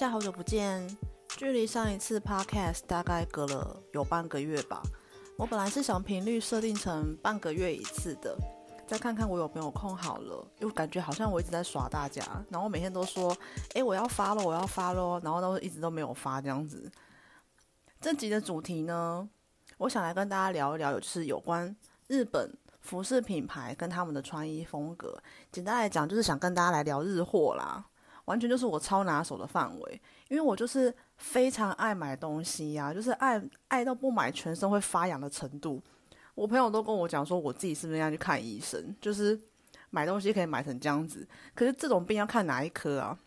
大家好久不見，距離上一次 podcast 大概隔了有半個月吧。我本來是想頻率設定成半個月一次的，再看看我有沒有空好了。又感覺好像我一直在耍大家，然後每天都說：“哎，我要發了，我要發嘍！”然後都一直都沒有發這樣子。這集的主題呢，我想來跟大家聊一聊，有就是有關日本服飾品牌跟他們的穿衣風格。簡單來講，就是想跟大家來聊日貨啦。完全就是我超拿手的範圍，因為我就是非常愛買東西呀、啊，就是愛愛到不買全身會發癢的程度。我朋友都跟我講說，我自己是不是應該去看醫生？就是買東西可以買成這樣子，可是這種病要看哪一科啊？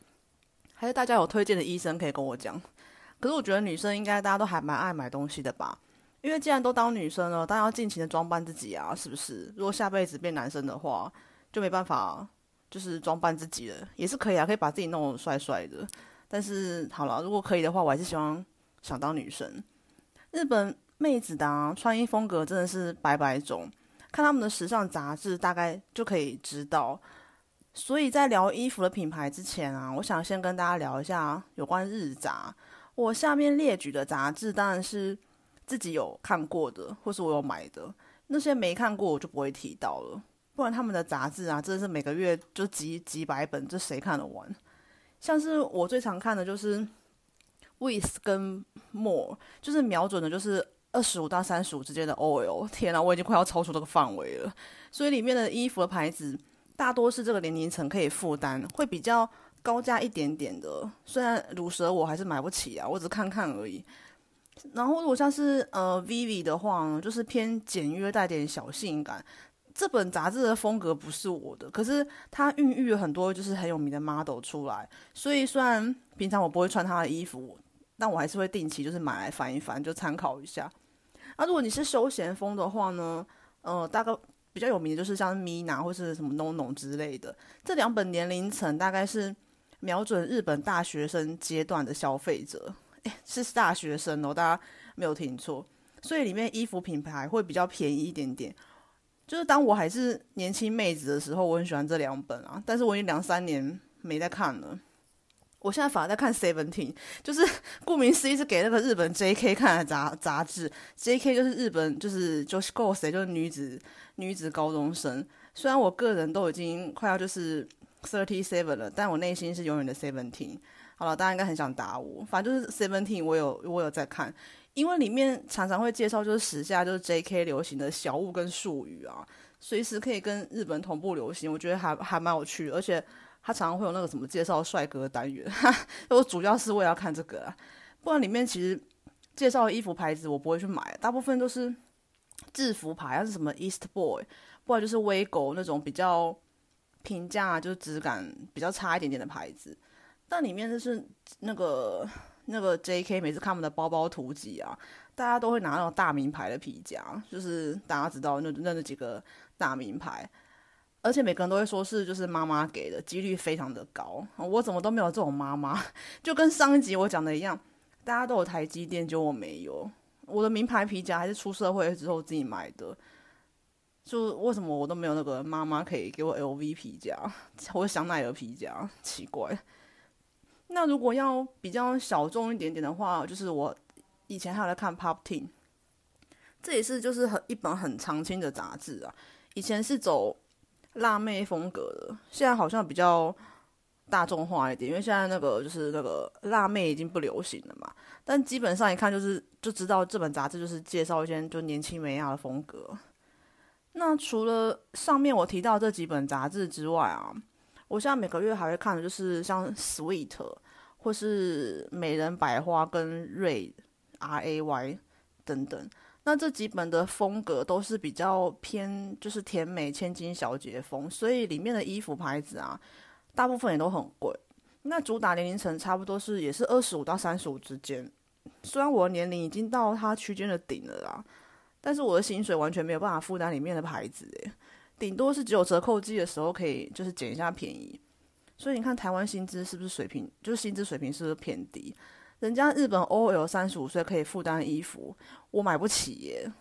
還是大家有推薦的醫生可以跟我講？可是我覺得女生應該大家都還蠻愛買東西的吧？因為既然都當女生了，當然要盡情的裝扮自己啊，是不是？如果下輩子變男生的話，就沒辦法啊。就是裝扮自己的，也是可以啊，可以把自己弄得帥帥的。但是好了，如果可以的話，我還是希望想當女生。日本妹子的、啊、穿衣風格真的是百百種，看他們的時尚雜誌大概就可以知道。所以在聊衣服的品牌之前啊，我想先跟大家聊一下有關日雜。我下面列舉的雜誌當然是自己有看過的，或是我有買的，那些沒看過我就不會提到了。不然他們的雜誌啊，真的是每個月就幾幾百本，這誰看得完？像是我最常看的就是 With 跟 More，就是瞄準的就是二十五到三十五之間的 OL。天哪、啊，我已經快要超出這個範圍了。所以裡面的衣服的牌子大多是這個年齡層可以負擔，會比較高價一點點的。雖然乳蛇我還是買不起啊，我只看看而已。然後如果像是呃 Vivi 的話，就是偏簡約，帶點小性感。這本雜誌的風格不是我的，可是它孕育了很多就是很有名的 model 出來，所以雖然平常我不會穿它的衣服，但我還是會定期就是買來翻一翻，就參考一下。啊，如果你是休閒風的話呢？呃，大概比較有名的，就是像 Mina 或是什麼 Nono 之類的。這兩本年齡層大概是瞄準日本大學生階段的消費者。誒，是大學生哦，大家沒有聽錯，所以裡面衣服品牌會比較便宜一點點。就是當我還是年輕妹子的時候，我很喜歡這兩本啊，但是我已經兩三年沒在看了。我現在反而在看 Seventeen，就是顧名思義是給那個日本 J K 看的雜雜誌。J K 就是日本，就是就是 joshikousei，就是女子女子高中生。雖然我個人都已經快要就是 thirty seven 了，但我內心是永遠的 Seventeen。好了，大家應該很想打我，反正就是 Seventeen，我有我有在看。因為裡面常常會介紹就是時下就是 J.K. 流行的小物跟術語啊，隨時可以跟日本同步流行，我覺得還還蠻有趣的。而且他常常會有那個什麼介紹帥哥的單元，哈，我主要是為了看這個。不然裡面其實介紹的衣服牌子我不會去買，大部分都是制服牌還是什麼 East Boy，不然就是 WEGO 那種比較平價，就是質感比較差一點點的牌子。但裡面就是那個。那個 J.K. 每次看我們的包包圖集啊，大家都會拿那種大名牌的皮夾，就是大家知道那那那幾個大名牌，而且每個人都會說是就是媽媽給的，幾率非常的高。我怎麼都沒有這種媽媽，就跟上一集我講的一樣，大家都有台積電，就我沒有。我的名牌皮夾還是出社會之後自己買的，就為什麼我都沒有那個媽媽可以給我 LV 皮夾或者香奈兒皮夾，奇怪。那如果要比較小眾一點點的話，就是我以前還有在看 Pop Teen，n 這也是就是很一本很常青的雜誌啊。以前是走辣妹風格的，現在好像比較大眾化一點，因為現在那個就是那個辣妹已經不流行了嘛。但基本上一看就是就知道這本雜誌就是介紹一些就年輕美亞的風格。那除了上面我提到這幾本雜誌之外啊。我現在每個月還會看的就是像 Sweet 或是美人百花跟 Ray R A Y 等等，那這幾本的風格都是比較偏就是甜美千金小姐風，所以裡面的衣服牌子啊，大部分也都很貴。那主打年齡層差不多是也是二十五到三十五之間，雖然我的年齡已經到它區間的頂了啦，但是我的薪水完全沒有辦法負擔裡面的牌子欸。頂多是只有折扣季的時候可以，就是撿一下便宜。所以你看，台灣薪資是不是水平？就是薪資水平是不是偏低？人家日本 OL 三十五歲可以負擔衣服，我買不起耶，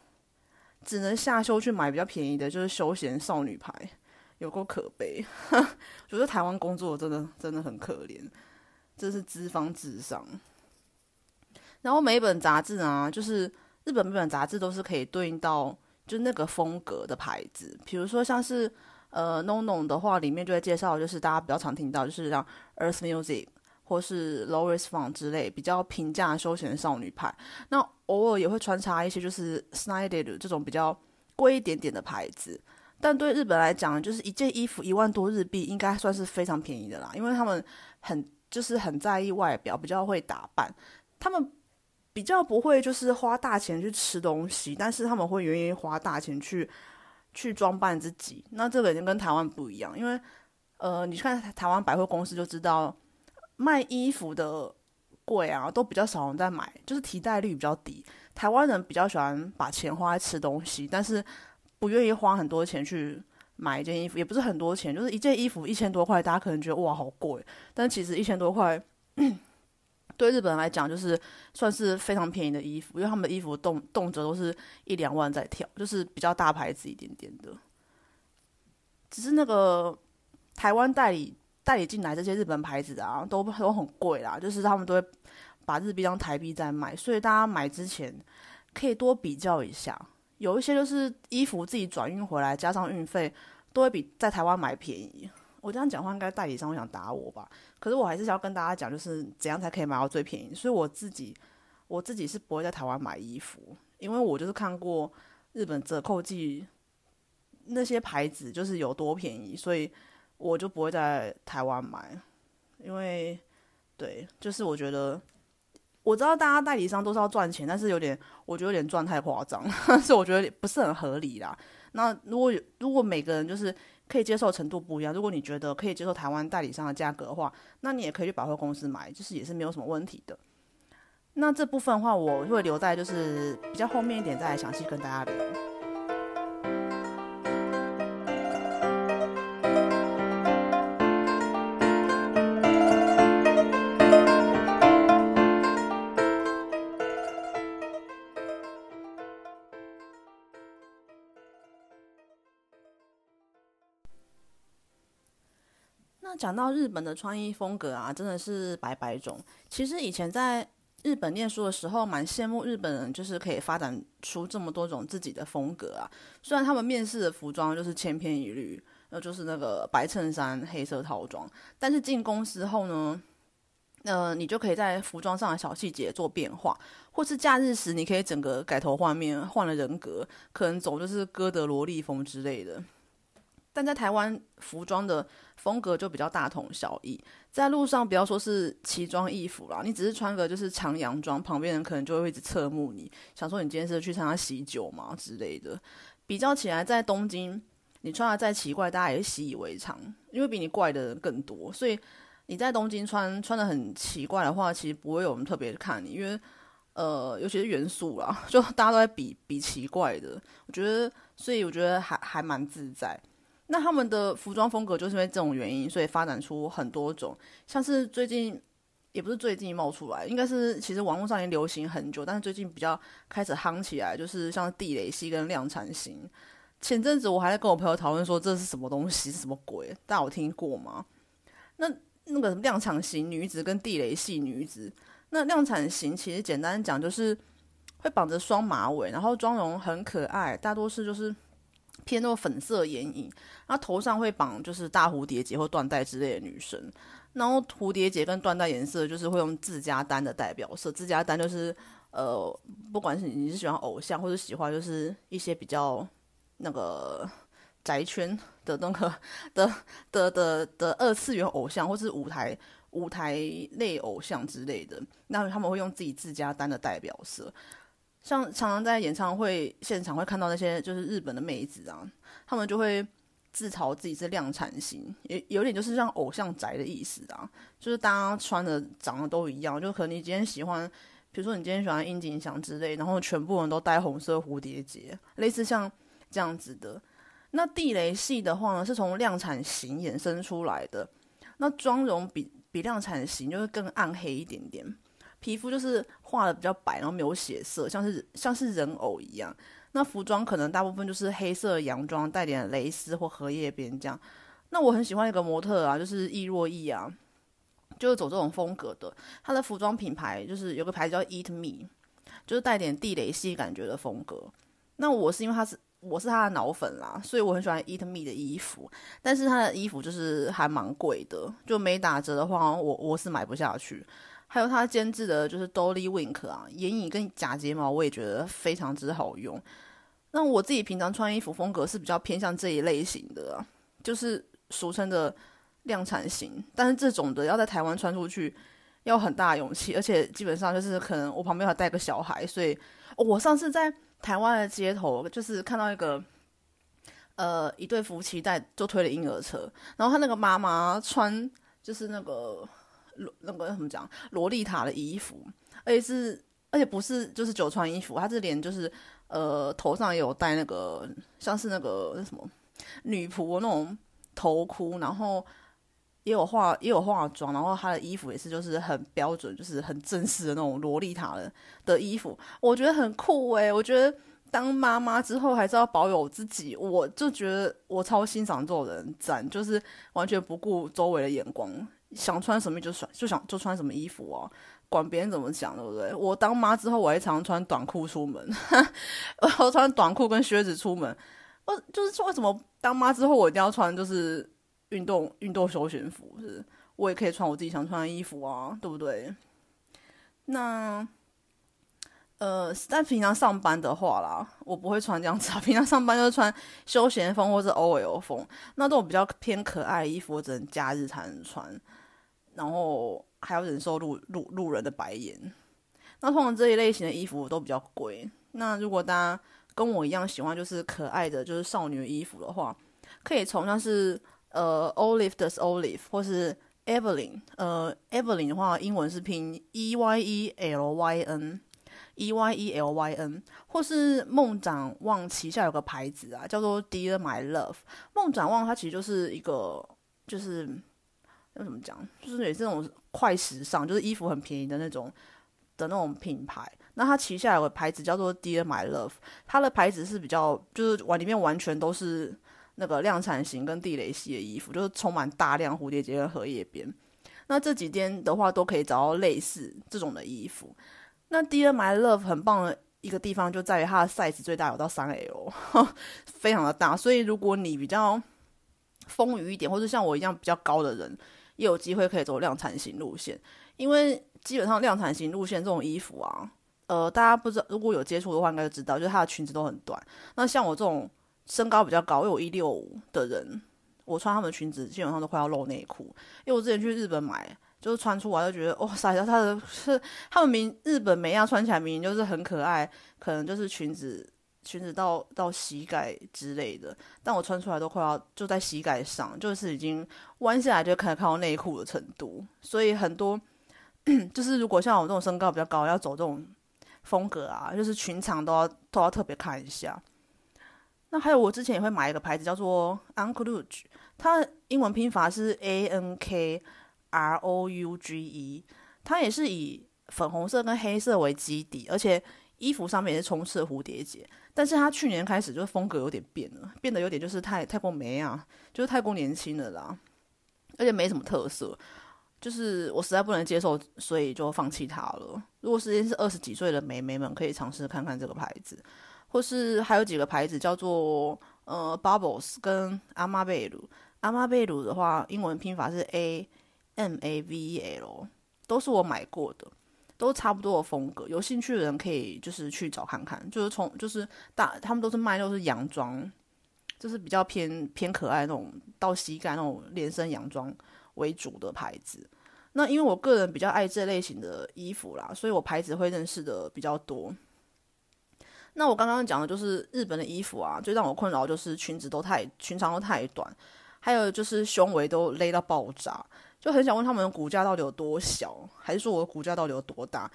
只能下休去買比較便宜的，就是休閒少女牌，有夠可悲。覺 得台灣工作真的真的很可憐，這是資方智商。然後每一本雜誌呢、啊，就是日本每一本雜誌都是可以對應到，就那個風格的牌子，比如說像是呃 non-no 的話，裡面就會介紹，就是大家比較常聽到，就是像 Earth Music 或是 Lowrys Farm 之類比較平價的休閒少女派，那偶爾也會穿插一些就是 Snidel 這種比較貴一點點的牌子。但對日本來講，就是一件衣服一萬多日幣應該算是非常便宜的啦，因為他們很就是很在意外表，比較會打扮，他們。比較不會就是花大錢去吃東西，但是他們會願意花大錢去去裝扮自己。那這個已經跟台灣不一樣，因為呃，你看台灣百貨公司就知道，賣衣服的貴啊，都比較少人在買，就是提袋率比較低。台灣人比較喜歡把錢花在吃東西，但是不願意花很多錢去買一件衣服，也不是很多錢，就是一件衣服一千多塊，大家可能覺得哇，好貴，但其實一千多塊。 對日本人來講，就是算是非常便宜的衣服，因為他們的衣服動動輒都是一兩萬在跳，就是比較大牌子一點點的。只是那個台灣代理代理進來這些日本牌子啊，都都很貴啦，就是他們都會把日幣當台幣在賣，所以大家買之前可以多比較一下。有一些就是衣服自己轉運回來加上運費，都會比在台灣買便宜。我這樣講話，應該代理商會想打我吧？可是我還是要跟大家講，就是怎樣才可以買到最便宜。所以我自己，我自己是不會在台灣買衣服，因為我就是看過日本折扣季那些牌子就是有多便宜，所以我就不會在台灣買。因為對，就是我覺得我知道大家代理商都是要賺錢，但是有點，我覺得有點賺太誇張，但是我覺得不是很合理啦。那如果有，如果每個人就是。可以接受程度不一樣。如果你覺得可以接受台灣代理商的價格的話，那你也可以去百貨公司買，就是也是沒有什麼問題的。那這部分的話，我會留在就是比較後面一點，再來詳細跟大家聊。那講到日本的穿衣風格啊，真的是百百種。其實以前在日本念書的時候，蠻羨慕日本人，就是可以發展出這麼多種自己的風格啊。雖然他們面試的服裝就是千篇一律，那就是那個白襯衫黑色套裝，但是進公司後呢，呃，你就可以在服裝上的小細節做變化，或是假日時你可以整個改頭換面，換了人格，可能走就是哥德蘿莉風之類的。但在台灣，服裝的風格就比較大同小異。在路上，不要說是奇裝異服啦，你只是穿個就是長洋裝，旁邊人可能就會一直側目你，你想說你今天是去參加喜酒嘛之類的。比較起來，在東京，你穿的再奇怪，大家也習以為常，因為比你怪的人更多。所以你在東京穿穿的很奇怪的話，其實不會有人特別看你，因為呃，尤其是原宿啦，就大家都在比比奇怪的。我覺得，所以我覺得還還蠻自在。那他們的服裝風格就是因為這種原因，所以發展出很多種，像是最近，也不是最近冒出來，應該是其實網絡上已經流行很久，但是最近比較開始夯起來，就是像是地雷系跟量產型。前陣子我還在跟我朋友討論說這是什麼東西，這是什麼鬼，大家有聽過嗎？那那個什麼量產型女子跟地雷系女子，那量產型其實簡單講就是會綁着雙馬尾，然後妝容很可愛，大多是就是。偏那種粉色眼影，然後頭上會綁就是大蝴蝶結或緞帶之類的女生，然後蝴蝶結跟緞帶顏色就是會用自家單的代表色。自家單就是呃，不管是你是喜歡偶像或者喜歡就是一些比較那個宅圈的那個的的的的，的二次元偶像或是舞台舞台類偶像之類的，那他們會用自己自家單的代表色。像常常在演唱會現場會看到那些就是日本的妹子啊，他們就會自嘲自己是量產型，也有點就是像偶像宅的意思啊，就是大家穿的長得都一樣，就可能你今天喜歡，比如說你今天喜歡櫻井翔之類，然後全部人都戴紅色蝴蝶結，類似像這樣子的。那地雷系的話呢，是從量產型衍生出來的，那妝容比比量產型就會更暗黑一點點。皮膚就是畫的比較白，然後沒有血色，像是像是人偶一樣。那服裝可能大部分就是黑色的洋裝，帶點蕾絲或荷葉邊這樣。那我很喜歡一個模特啊，就是益若翼啊，就是走這種風格的。她的服裝品牌就是有個牌子叫 Eat Me，就是帶點地雷系感覺的風格。那我是因為他是我是他的腦粉啦，所以我很喜歡 Eat Me 的衣服。但是他的衣服就是還蠻貴的，就沒打折的話，我我是買不下去。還有他監製的，就是 Dolly Wink 啊，眼影跟假睫毛，我也覺得非常之好用。那我自己平常穿衣服風格是比較偏向這一類型的，啊，就是俗稱的量產型。但是這種的要在台灣穿出去，要很大勇氣，而且基本上就是可能我旁邊還帶個小孩，所以我上次在台灣的街頭，就是看到一個呃一對夫妻帶就推了嬰兒車，然後他那個媽媽穿就是那個。那個怎麼講？洛麗塔的衣服，而且是而且不是就是久穿衣服，她這臉就是呃頭上也有戴那個像是那個那什麼女僕那種頭箍，然後也有化也有化妝，然後她的衣服也是就是很標準，就是很正式的那種洛麗塔的的衣服，我覺得很酷誒、欸，我覺得當媽媽之後還是要保有自己，我就覺得我超欣賞這種人，讚，就是完全不顧周圍的眼光。想穿什麼就穿，就想就穿什麼衣服啊，管別人怎麼講，對不對？我當媽之後，我還常穿短褲出門，我穿短褲跟靴子出門，我就是說，為什麼當媽之後我一定要穿就是運動運動休閒服？是，我也可以穿我自己想穿的衣服啊，對不對？那，呃，但平常上班的話啦，我不會穿這樣子啊。平常上班就是穿休閒風或是 OL 風，那這種比較偏可愛的衣服，我只能假日才能穿。然後還要忍受路路路人的白眼，那通常這一類型的衣服都比較貴。那如果大家跟我一樣喜歡就是可愛的就是少女的衣服的話，可以從像是呃 Olive des Olive，或是 Evelyn，呃 Evelyn 的話，英文是拼 E Y E L Y N，E Y E L Y N，或是夢展望旗下有個牌子啊，叫做 Dear My Love。夢展望它其實就是一個就是。為什麼講？就是也是那種快時尚，就是衣服很便宜的那種的那種品牌。那它旗下有個牌子叫做 Dear My Love，它的牌子是比較就是往裡面完全都是那個量產型跟地雷系的衣服，就是充滿大量蝴蝶結跟荷葉邊。那這幾天的話都可以找到類似這種的衣服。那 Dear My Love 很棒的一個地方就在於它的 size 最大有到三 L，非常的大。所以如果你比較豐腴一點，或者像我一樣比較高的人，也有機會可以走量產型路線，因為基本上量產型路線這種衣服啊，呃，大家不知道如果有接觸的話應該就知道，就是它的裙子都很短。那像我這種身高比較高，我有一六五的人，我穿他們的裙子基本上都快要露內褲。因為我之前去日本買，就是穿出來就覺得哇，塞、哦、到他，他們是他們明日本妹一樣穿起來明明就是很可愛，可能就是裙子。裙子到到膝蓋之類的，但我穿出來都快要就在膝蓋上，就是已經彎下來就可以看到內褲的程度。所以很多就是如果像我這種身高比較高，要走這種風格啊，就是裙長都要都要特別看一下。那還有我之前也會買一個牌子叫做 Ankle Rouge，它英文拼法是 A N K R O U G E，它也是以粉紅色跟黑色為基底，而且，衣服上面也是充斥蝴蝶結，但是他去年開始就風格有點變了，變得有點就是太太過美啊，就是太過年輕了啦，而且沒什麼特色，就是我實在不能接受，所以就放棄他了。如果時間是二十幾歲的美眉們，可以嘗試看看這個牌子，或是還有幾個牌子叫做呃 Bubbles 跟 Amabel，Amabel 的話，英文拼法是 A M A V L，都是我買過的。都差不多的風格，有興趣的人可以就是去找看看，就是從就是大，他們都是賣都是洋裝，就是比較偏偏可愛那種到膝蓋那種連身洋裝為主的牌子。那因為我個人比較愛這類型的衣服啦，所以我牌子會認識的比較多。那我剛剛講的就是日本的衣服啊，最讓我困擾就是裙子都太裙長都太短，還有就是胸圍都勒到爆炸。就很想問他們骨架到底有多小，還是說我骨架到底有多大？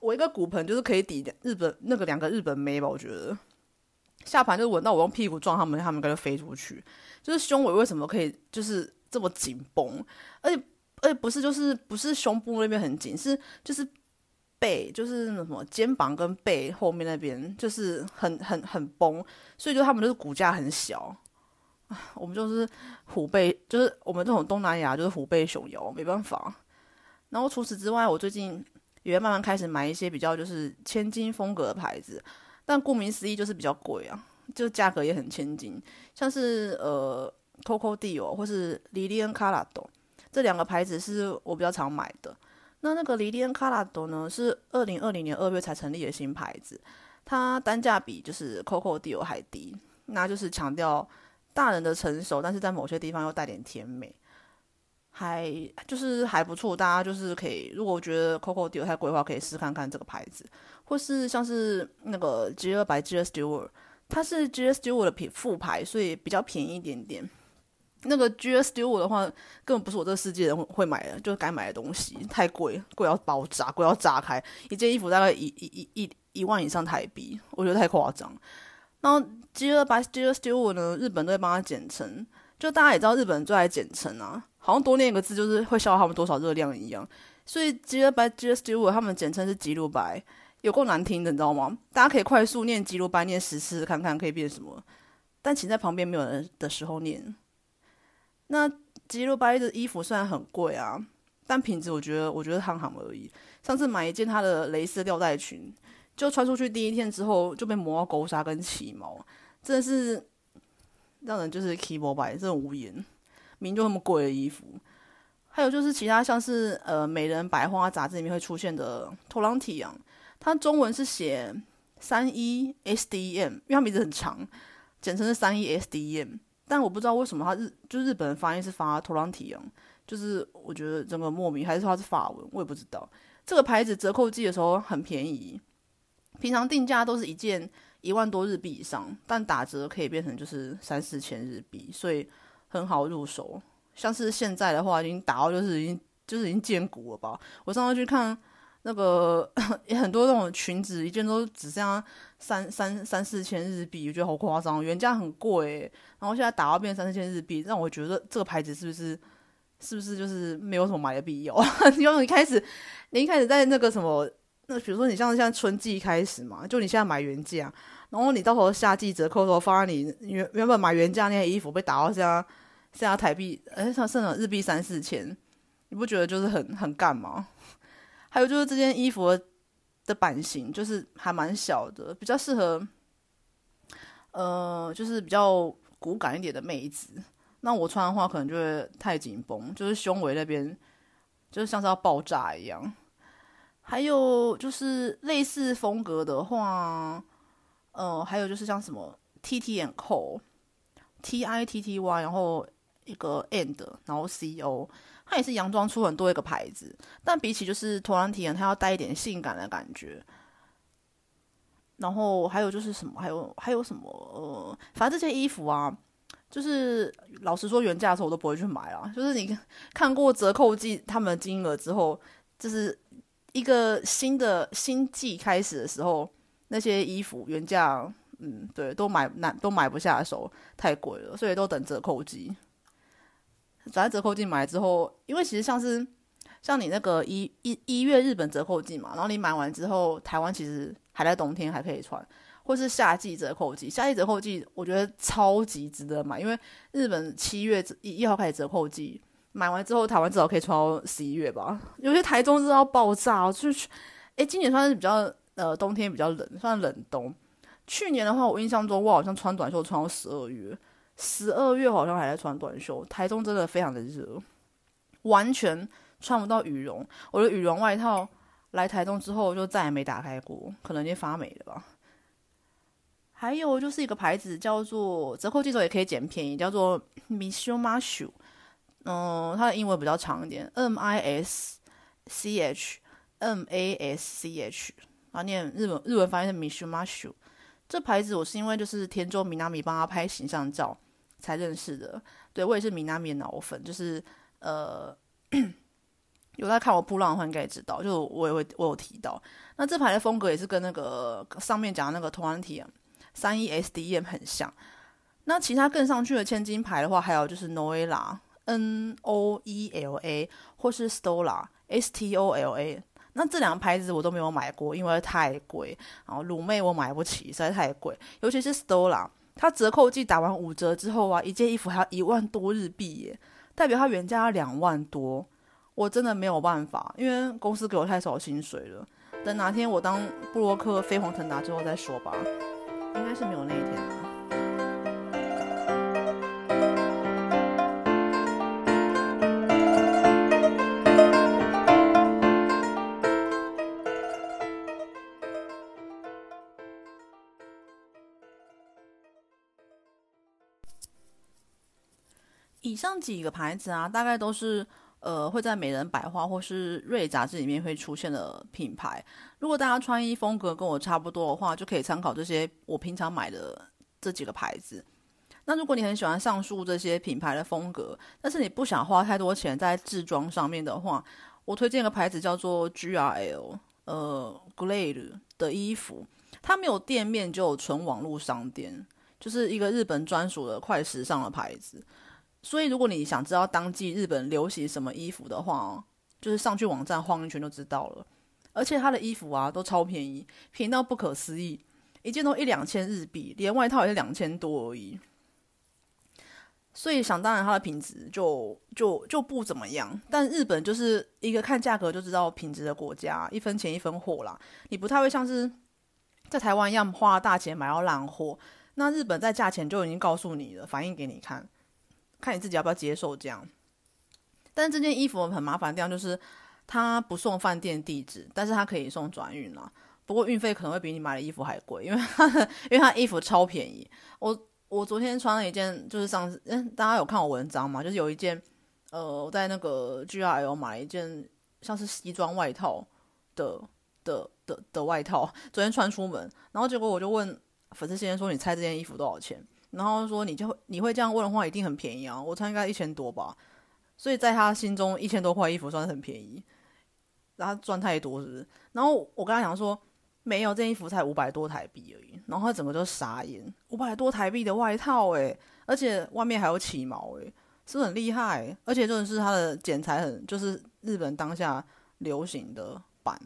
我一個骨盆就是可以抵日本那個兩個日本妹吧？我覺得下盤就是穩到我用屁股撞他們，他們應該就飛出去。就是胸圍為什麼可以就是這麼緊繃，而且而且不是就是不是胸部那邊很緊，是就是背就是那什麼肩膀跟背後面那邊就是很很很繃，所以就他們就是骨架很小。我們就是虎背，就是我們這種東南亞就是虎背熊腰，沒辦法。然後除此之外，我最近也慢慢開始買一些比較就是千金風格的牌子，但顧名思義就是比較貴啊，就價格也很千金。像是呃，COCO DEAL 或是 Lilian Carat 這兩個牌子是我比較常買的。那那個 Lilian Carat 呢，是二零二零年二月才成立的新牌子，它單價比就是 COCO DEAL 還低，那就是強調。大人的成熟，但是在某些地方又帶點甜美，還就是還不錯。大家就是可以，如果覺得 Coco Deal 太貴的話，可以試試看看這個牌子，或是像是那個 JILL by JILLSTUART，它是 JILLSTUART 的副牌，所以比較便宜一點點。那個 JILLSTUART 的話，根本不是我這個世界人會買的，就是該買的東西太貴，貴到爆炸，貴到炸開，一件衣服大概一一一一一萬以上台幣，我覺得太誇張。然後 JILL STUART 呢，日本都會幫他簡稱，就大家也知道，日本人最愛簡稱啊，好像多念一個字就是會消耗他們多少熱量一樣。所以 JILL STUART 他們簡稱是吉魯白，有夠難聽的，你知道嗎？大家可以快速念吉魯白念十次，看看可以變什麼。但請在旁邊沒有人的時候念。那吉魯白的衣服雖然很貴啊，但品質我覺得我覺得還好而已。上次買一件他的蕾絲吊帶裙。就穿出去第一天之後就被磨到狗紗跟起毛，真的是讓人就是 k e y 氣爆 y 這種無言。名就那麼貴的衣服，還有就是其他像是呃《美人百花》雜誌裡面會出現的 t o r o n t i 啊，它中文是寫三一、e、S D M，因為它名字很長，簡稱是三一、e、S D M。但我不知道為什麼它日就是、日本的發音是發 t o r o n t i 啊，就是我覺得真的莫名，還是說它是法文，我也不知道。這個牌子折扣季的時候很便宜。平常定價都是一件一萬多日幣以上，但打折可以變成就是三四千日幣，所以很好入手。像是現在的話，已經打到就是已經就是已經見骨了吧？我上次去看那個很多那種裙子，一件都只剩下三三三四千日幣，我覺得好誇張，原價很貴欸。然後現在打到變成三四千日幣，讓我覺得這個牌子是不是是不是就是沒有什麼買的必要？因為一開始你一開始在那個什麼？那比如說你像現在春季開始嘛，就你現在買原價，然後你到時候夏季折扣時候，放在你原原本買原價那些衣服被打到現在現在台幣，哎，像剩了日幣三四千，你不覺得就是很很幹嘛？還有就是這件衣服的，的版型就是還蠻小的，比較適合，呃，就是比較骨感一點的妹子。那我穿的話可能就會太緊繃，就是胸圍那邊就是像是要爆炸一樣。還有就是類似風格的話，呃，還有就是像什麼 TT and Co T I T T Y，然後一個 and 然後 C O，它也是洋裝出很多一個牌子，但比起就是托蘭提眼，它要帶一點性感的感覺。然後還有就是什麼，還有還有什麼，呃，反正這些衣服啊，就是老實說原價的時候我都不會去買啊，就是你看過折扣季他們的金額之後，就是。一個新的新季開始的時候，那些衣服原價，嗯，對，都買難，都買不下手，太貴了，所以都等折扣季。轉在折扣季買之後，因為其實像是像你那個一一一月日本折扣季嘛，然後你買完之後，台灣其實還在冬天，還可以穿，或是夏季折扣季。夏季折扣季，我覺得超級值得買，因為日本七月一一號開始折扣季。買完之後，台灣至少可以穿到十一月吧。有些台中真的要爆炸，哦，就是，哎、欸，今年算是比較，呃，冬天比較冷，算冷冬。去年的話，我印象中我好像穿短袖穿到十二月，十二月好像還在穿短袖。台中真的非常的熱，完全穿不到羽絨。我的羽絨外套來台中之後就再也沒打開過，可能已經發霉了吧。還有就是一個牌子叫做折扣季的時候也可以撿便宜，叫做 MISCH MASCH。嗯，它的英文比較長一點，M I S C H M A S C H，啊，念日本日文發音是 Mishumashu。這牌子我是因為就是田中米納米幫他拍形象照才認識的。對，我也是米納米的老粉，就是呃， 有在看我噗浪的話應該也知道，就我也會我有提到。那這牌的風格也是跟那個上面講的那個 Tanti、三一 SDM 很像。那其他更上去的千金牌的話，還有就是 Noela。N O E L A 或是 Stola S T O L A，那這兩個牌子我都沒有買過，因為太貴。然後魯妹我買不起，實在太貴。尤其是 Stola，它折扣季打完五折之後啊，一件衣服還要一萬多日幣耶，代表它原價要兩萬多。我真的沒有辦法，因為公司給我太少薪水了。等哪天我當部落客飛黃騰達之後再說吧，應該是沒有那一天的。以上幾個牌子啊，大概都是呃會在《美人百花》或是《瑞》雜誌裡面會出現的品牌。如果大家穿衣風格跟我差不多的話，就可以參考這些我平常買的這幾個牌子。那如果你很喜歡上述這些品牌的風格，但是你不想花太多錢在制裝上面的話，我推薦一個牌子叫做 GRL，呃，GLADE 的衣服，它沒有店面，就有純網絡商店，就是一個日本專屬的快時尚的牌子。所以，如果你想知道當季日本流行什麼衣服的話，就是上去網站晃一圈就知道了。而且他的衣服啊，都超便宜，便宜到不可思議，一件都一兩千日幣，連外套也是兩千多而已。所以想當然，他的品質就就就不怎麼樣。但日本就是一個看價格就知道品質的國家，一分錢一分貨啦。你不太會像是在台灣一樣花大錢買到爛貨。那日本在價錢就已經告訴你了，反映給你看。看你自己要不要接受這樣，但是這件衣服很麻煩的地方就是它不送飯店地址，但是它可以送轉運了。不過運費可能會比你買的衣服還貴，因為他因為它衣服超便宜。我我昨天穿了一件，就是上次嗯，大家有看我文章嘛，就是有一件呃，我在那個 G R L 買一件像是西裝外套的的的的外套，昨天穿出門，然後結果我就問粉絲先生說：“你猜這件衣服多少錢？”然後說你就會你會這樣問的話，一定很便宜啊！我穿應該一千多吧，所以在他心中一千多塊衣服算是很便宜，然後賺太多是不是？然後我跟他講說沒有，這衣服才五百多台幣而已，然後他整個就傻眼，五百多台幣的外套哎，而且外面還有起毛哎，是很厲害，而且這是他的剪裁很就是日本當下流行的版，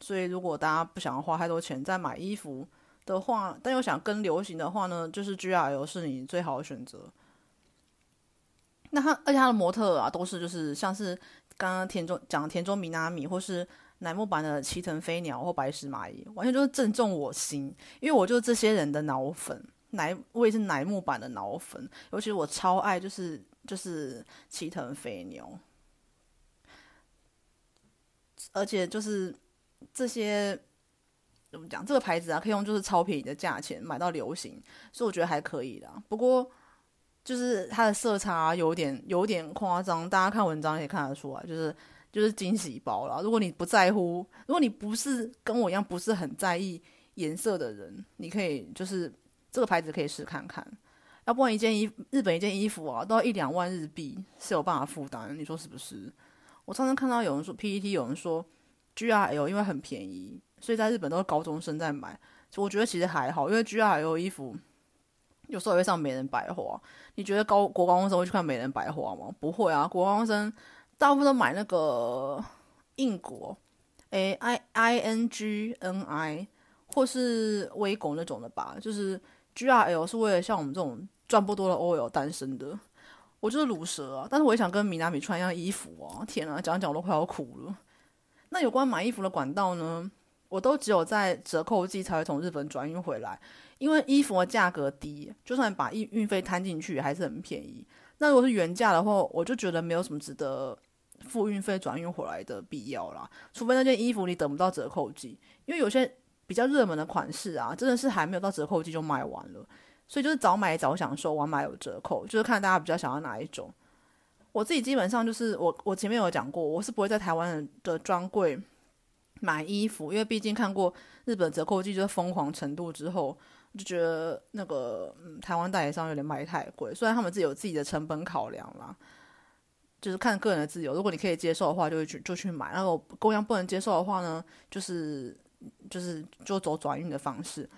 所以如果大家不想要花太多錢再買衣服，的話，但又想跟流行的話呢，就是 GRL 是你最好的選擇。那他，而且他的模特啊，都是就是像是剛剛田中講田中みなみ，或是乃木坂的齊藤飛鳥或白石麻衣，完全就是正中我心，因為我就這些人的腦粉，乃我也是乃木坂的腦粉，尤其我超愛就是就是齊藤飛鳥，而且就是這些。怎麼講？這個牌子啊，可以用就是超便宜的價錢買到流行，所以我覺得還可以的。不過就是它的色差啊，有點有點誇張，大家看文章也看得出來，就是就是驚喜包啦。如果你不在乎，如果你不是跟我一樣不是很在意顏色的人，你可以就是這個牌子可以試看看。要不然一件衣日本一件衣服啊，都要一兩萬日幣，是有辦法負擔？你說是不是？我常常看到有人說 PTT，有人說。GRL 因為很便宜，所以在日本都是高中生在買。我覺得其實還好，因為 GRL 衣服有時候會上美人百花。你覺得高國高中生會去看美人百花嗎？不會啊，國高中生大部分都買那個英國，a i I N G N I，或是微國那種的吧。就是 GRL 是為了像我們這種賺不多的 OL 單身的。我就是魯蛇啊，但是我也想跟米娜米穿一樣衣服啊！天啊，講講我都快要哭了。那有關買衣服的管道呢？我都只有在折扣季才會從日本轉運回來，因為衣服的價格低，就算把運運費攤進去，還是很便宜。那如果是原價的話，我就覺得沒有什麼值得付運費轉運回來的必要啦。除非那件衣服你等不到折扣季，因為有些比較熱門的款式啊，真的是還沒有到折扣季就賣完了。所以就是早買早享受，晚買有折扣，就是看大家比較想要哪一種。我自己基本上就是我，我前面有講過，我是不會在台灣的、的專櫃買衣服，因為畢竟看過日本折扣季就是瘋狂程度之後，就覺得那個嗯台灣代理商有點賣太貴，雖然他們自己有自己的成本考量啦，就是看個人的自由。如果你可以接受的話就，就會去就去買，然後公樣不能接受的話呢，就是就是就走轉運的方式。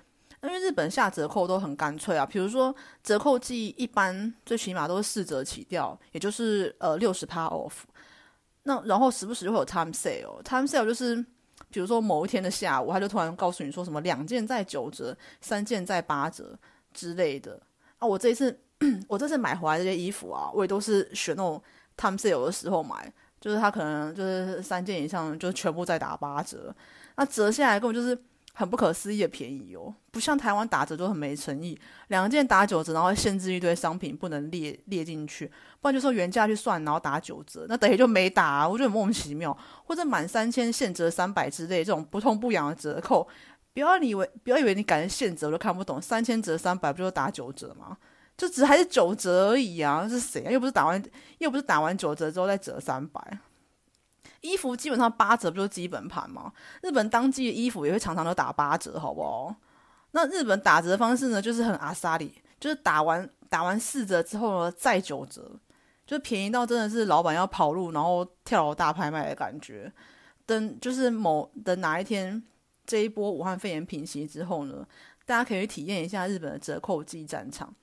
因為日本下折扣都很乾脆啊，比如說折扣季一般最起碼都是四折起跳，也就是呃六十趴 off。那然後時不時就會有 time sale，time sale 就是比如說某一天的下午，他就突然告訴你說什麼兩件在九折，三件在八折之類的啊。我這一次我這次買回來的這些衣服啊，我也都是選那種 time sale 的時候買，就是他可能就是三件以上就全部再打八折，那折下來根本就是。很不可思議的便宜哦，不像台灣打折就很沒誠意，兩件打九折，然後限制一堆商品不能列列進去，不然就說原價去算，然後打九折，那等於就沒打啊，我就很莫名其妙。或者滿三千現折三百之類這種不痛不癢的折扣，不要你以為不要以為你感覺現折都看不懂，三千折三百不就打九折嘛？就只還是九折而已啊，是誰啊？又不是打完又不是打完九折之後再折三百。衣服基本上八折不就基本盤嘛。日本當季的衣服也會常常都打八折，好不好？那日本打折的方式呢，就是很阿薩里，就是打完打完四折之後呢，再九折，就是便宜到真的是老闆要跑路，然後跳樓大拍賣的感覺。等就是某等哪一天，這一波武漢肺炎平息之後呢，大家可以去體驗一下日本的折扣季戰場。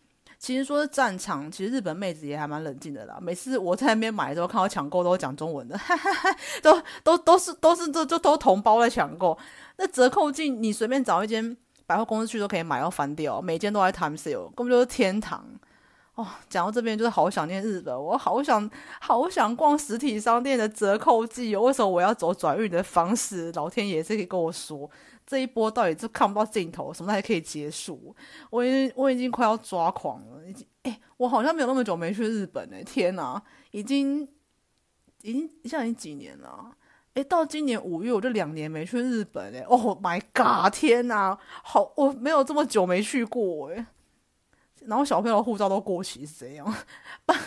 其實說是戰場，其實日本妹子也還蠻冷靜的啦。每次我在那邊買的時候，看到搶購都會講中文的， 都都都是都是這就，就都同胞在搶購。那折扣季，你隨便找一間百貨公司去都可以買到翻掉，每一間都在 Time Sale，根本就是天堂。哦，講到這邊就是好想念日本，我好想好想逛實體商店的折扣季哦。為什麼我要走轉運的方式？老天爺是可以跟我說，這一波到底是看不到盡頭，什麼時候可以結束？我已經，我已經快要抓狂了。哎、欸，我好像沒有那麼久沒去日本哎、欸，天哪、啊，已經已經像已經幾年了、啊。哎、欸，到今年五月我就兩年沒去日本哎、欸。哦、oh、，my god，天哪、啊，好，我沒有這麼久沒去過哎、欸。然後小朋友的護照都過期是怎樣？辦？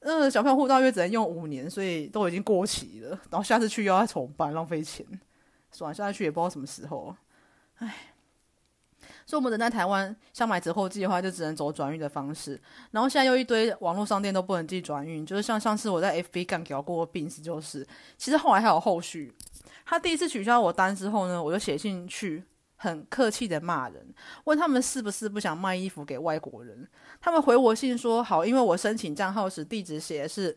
嗯，小朋友護照又只能用五年，所以都已經過期了。然後下次去又要重辦，浪費錢。算了，下次去也不知道什麼時候。唉，所以我們人在台灣想買折扣季的話，就只能走轉運的方式。然後現在又一堆網絡商店都不能寄轉運，就是像上次我在 FB 剛聊過 Beams 就是其實後來還有後續。他第一次取消我單之後呢，我就寫信去。很客氣的罵人，問他們是不是不想賣衣服給外國人？他們回我信說好，因為我申請賬號時地址寫的是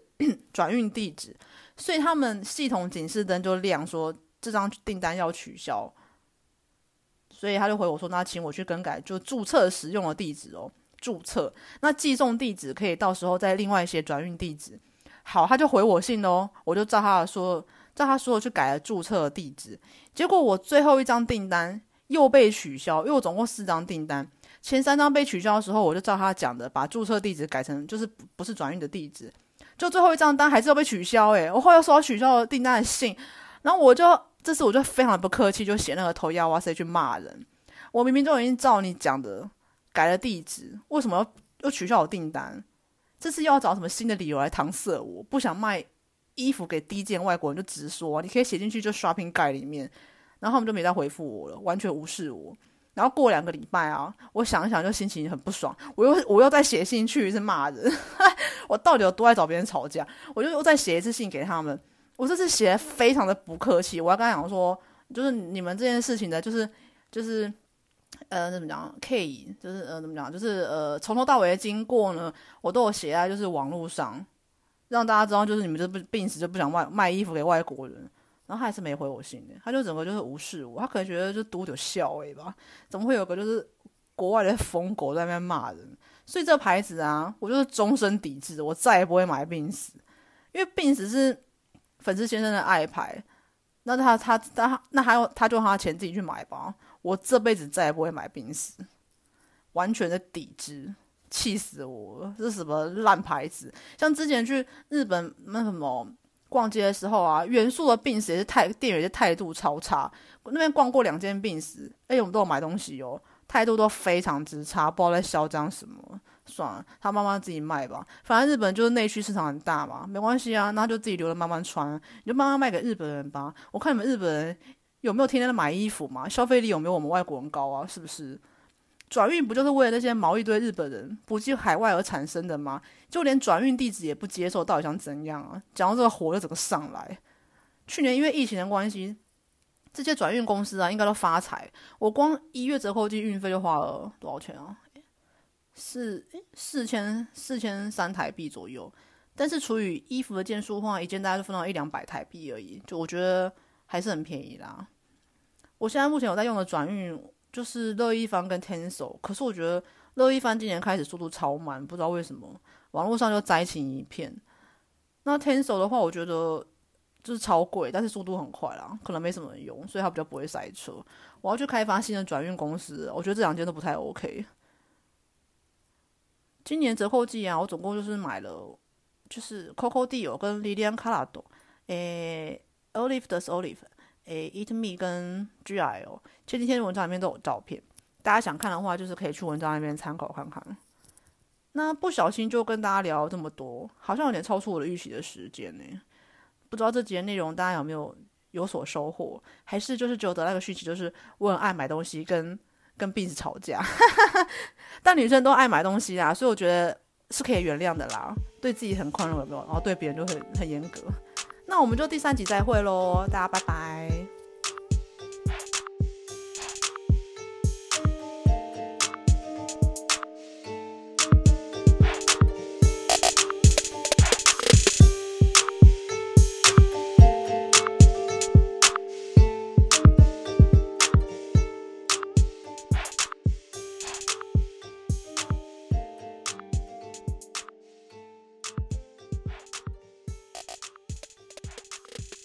轉運 地址，所以他們系統警示燈就亮，說這張訂單要取消。所以他就回我說那請我去更改，就注冊使用的地址哦，注冊那寄送地址可以到時候再另外寫轉運地址。好，他就回我信哦，我就照他說，照他說去改了注冊地址，結果我最後一張訂單。又被取消，因為我總共四張訂單，前三張被取消的時候，我就照他講的把注冊地址改成，就是不是轉運的地址，就最後一張單還是又被取消，哎，我後來又說到取消了訂單的信，然後我就這次我就非常不客氣，就寫那個頭亞瓦塞去罵人，我明明就已經照你講的改了地址，為什麼又，又取消我訂單？這次又要找什麼新的理由來搪塞我？我不想賣衣服給低賤外國人，就直說，你可以寫進去就 shopping guide 裡面。然後他們就沒再回復我了，完全無視我。然後過兩個禮拜啊，我想一想就心情很不爽，我又我又在寫信去是罵人， 我到底有多愛找別人吵架？我就又再寫一次信給他們，我這次寫得非常的不客氣，我要跟他講說，就是你們這件事情的，就是，就是就是呃怎麼講，K 就是呃怎麼講，就是呃從頭到尾的經過呢，我都有寫啊，就是網絡上讓大家知道，就是你們就不病死就不想賣賣衣服給外國人。然後他還是沒回我信的，他就整個就是無視我，他可能覺得就多點笑哎吧？怎麼會有個就是國外的瘋狗在那邊罵人？所以這牌子啊，我就是終身抵制，我再也不會買病死，因為病死是粉絲先生的愛牌。那他他他那還有他，他就花錢自己去買吧，我這輩子再也不會買病死，完全的抵制，氣死我了！這什麼爛牌子？像之前去日本那什麼。逛街的時候啊，元素的 Beams 也是態店員也是態度超差，那邊逛過兩間 Beams，哎，我們都有買東西喲、哦，態度都非常之差，不知道在囂張什麼。算了，他慢慢自己賣吧。反正日本就是內需市場很大嘛，沒關係啊，那就自己留着慢慢穿，你就慢慢賣給日本人吧。我看你們日本人有沒有天天在買衣服嘛？消費力有沒有我們外國人高啊？是不是？轉運不就是為了那些毛一堆日本人不寄海外而產生的嗎？就連轉運地址也不接受，到底想怎樣啊？講到這個火又怎麼上來。去年因為疫情的關係，這些轉運公司啊應該都發財。我光一月折扣進運費就花了多少錢啊？四四千四千三台幣左右。但是除以衣服的件數的話，一件大概就分到一兩百台幣而已，就我覺得還是很便宜啦。我現在目前我在用的轉運。就是樂一番跟 Tenso，可是我覺得樂一番今年開始速度超慢，不知道為什麼，網絡上就災情一片。那 Tenso 的話，我覺得就是超貴，但是速度很快啦，可能沒什麼人用，所以它比較不會塞車。我要去開發新的轉運公司，我覺得這兩間都不太 OK。今年折扣季啊，我總共就是買了，就是 Coco Deal 跟 Lilian Carrado 誒，Olive des Olive。誒、欸、，Eat Me 跟 GIL 前幾天的文章裡面都有照片，大家想看的話，就是可以去文章那邊參考看看。那不小心就跟大家聊這麼多，好像有點超出我的預期的時間呢、欸。不知道這幾天內容大家有沒有有所收穫？還是就是覺得那個訊息，就是我很愛買東西跟，跟跟 beams 吵架。 但女生都愛買東西啊，所以我覺得是可以原諒的啦，對自己很寬容有沒有，然後對別人就很很嚴格。那我們就第三集再會嘍，大家拜拜。